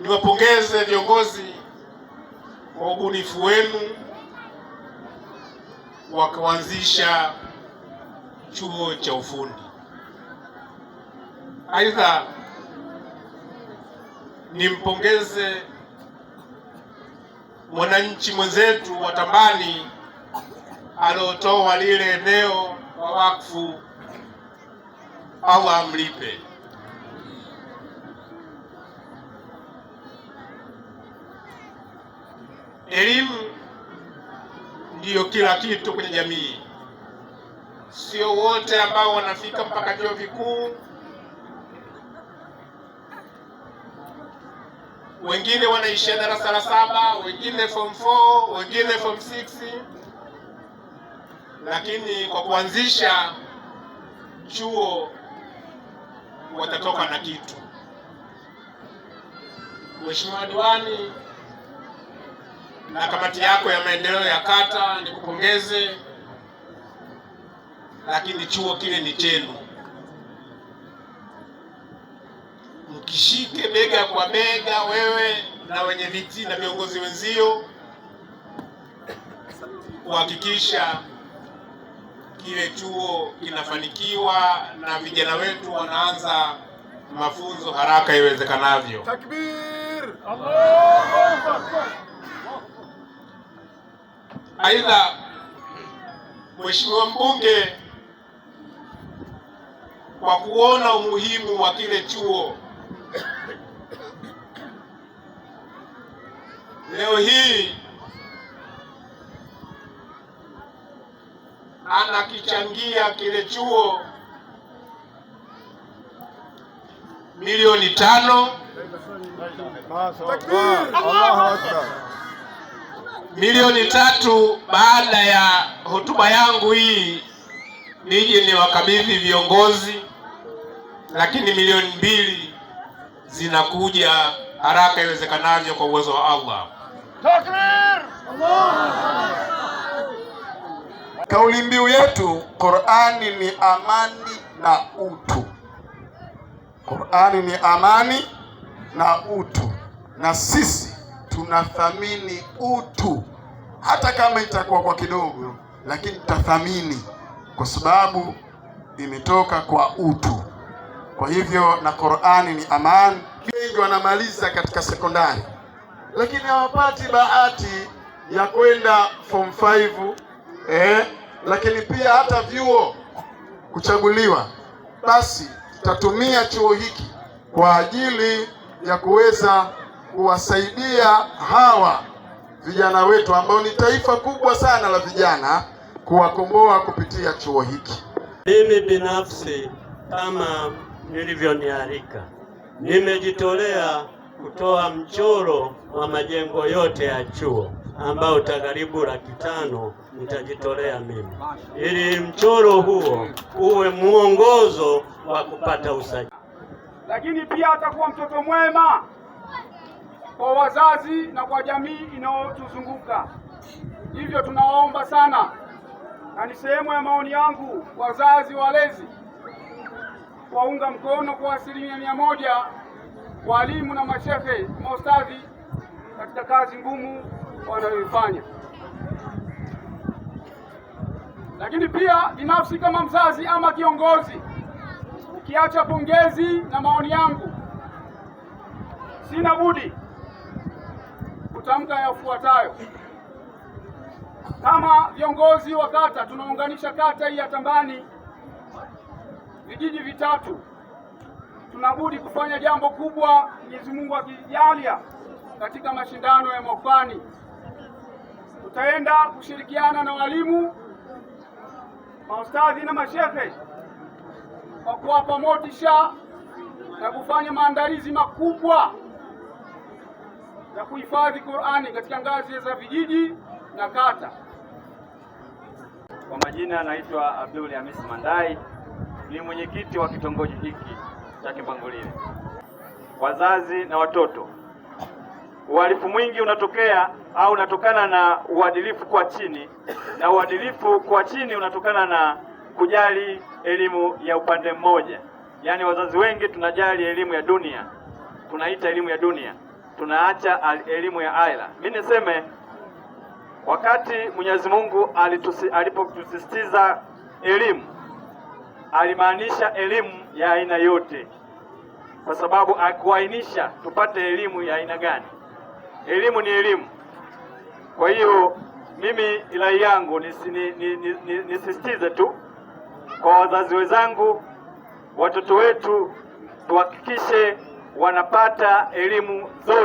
niwapongeze viongozi kwa ubunifu wenu wa kuanzisha chuo cha ufundi. Aidha, nimpongeze mwananchi mwenzetu wa Tambani aliotoa lile eneo wa wakfu, au amlipe. Elimu ndiyo kila kitu kwenye jamii. Sio wote ambao wanafika mpaka vyuo vikuu, wengine wanaishia darasa la saba, wengine form 4, wengine form 6, lakini kwa kuanzisha chuo watatoka na kitu. Mheshimiwa Diwani na kamati yako ya maendeleo ya kata, nikupongeze. Lakini chuo kile ni chenu, mkishike bega kwa bega, wewe na wenye viti na viongozi wenzio kuhakikisha kile chuo kinafanikiwa na vijana wetu wanaanza mafunzo haraka iwezekanavyo. Takbir! Allahu Akbar! Aidha, Mheshimiwa mbunge kwa kuona umuhimu wa kile chuo leo hii anakichangia kile chuo milioni tano milioni tatu. Baada ya hotuba yangu hii nije ni wakabidhi viongozi, lakini milioni mbili zinakuja haraka iwezekanavyo kwa uwezo wa Allah. Takbir! Allah! Kauli mbiu yetu Qur'ani ni amani na utu. Qur'ani ni amani na utu, na sisi tunathamini utu, hata kama itakuwa kwa kidogo, lakini tutathamini kwa sababu imetoka kwa utu. Kwa hivyo na Qur'ani ni aman Wengi wanamaliza katika sekondari, lakini hawapati bahati ya kwenda form 5 eh, lakini pia hata vyuo kuchaguliwa. Basi tutatumia chuo hiki kwa ajili ya kuweza kuwasaidia hawa vijana wetu ambao ni taifa kubwa sana la vijana kuwakomboa kupitia chuo hiki. Mimi binafsi kama nilivyoniarika, nimejitolea kutoa mchoro wa majengo yote ya chuo ambao takaribu laki tano nitajitolea mimi, ili mchoro huo uwe mwongozo wa kupata usajili, lakini pia atakuwa mtoto mwema kwa wazazi na kwa jamii inayotuzunguka. Hivyo tunawaomba sana, na ni sehemu ya maoni yangu, wazazi walezi, kuwaunga mkono kwa asilimia mia moja walimu na mashehe maustadhi katika kazi ngumu wanayoifanya. Lakini pia binafsi kama mzazi ama kiongozi, ukiacha pongezi na maoni yangu, sina budi kutamka yafuatayo. Kama viongozi wa kata, tunaunganisha kata hii ya Tambani vijiji vitatu, tunabudi kufanya jambo kubwa, Mwenyezi Mungu akijalia, katika mashindano ya mwakani. Tutaenda kushirikiana na walimu, maustadhi na mashehe kwa kuwapa motisha na kufanya maandalizi makubwa za kuhifadhi Qur'ani katika ngazi za vijiji na kata. Kwa majina anaitwa Abdul hamis Mandai, ni mwenyekiti wa kitongoji hiki cha kimbangulile Wazazi na watoto, uhalifu mwingi unatokea au unatokana na uadilifu kwa chini, na uadilifu kwa chini unatokana na kujali elimu ya upande mmoja. Yaani wazazi wengi tunajali elimu ya dunia, tunaita elimu ya dunia tunaacha elimu ya aila. Mimi niseme wakati Mwenyezi Mungu alipotusisitiza elimu, alimaanisha elimu ya aina yote, kwa sababu akuainisha tupate elimu ya aina gani. Elimu ni elimu. Kwa hiyo mimi ilai yangu nisisitize tu kwa wazazi wenzangu, watoto wetu tuhakikishe wanapata elimu zote.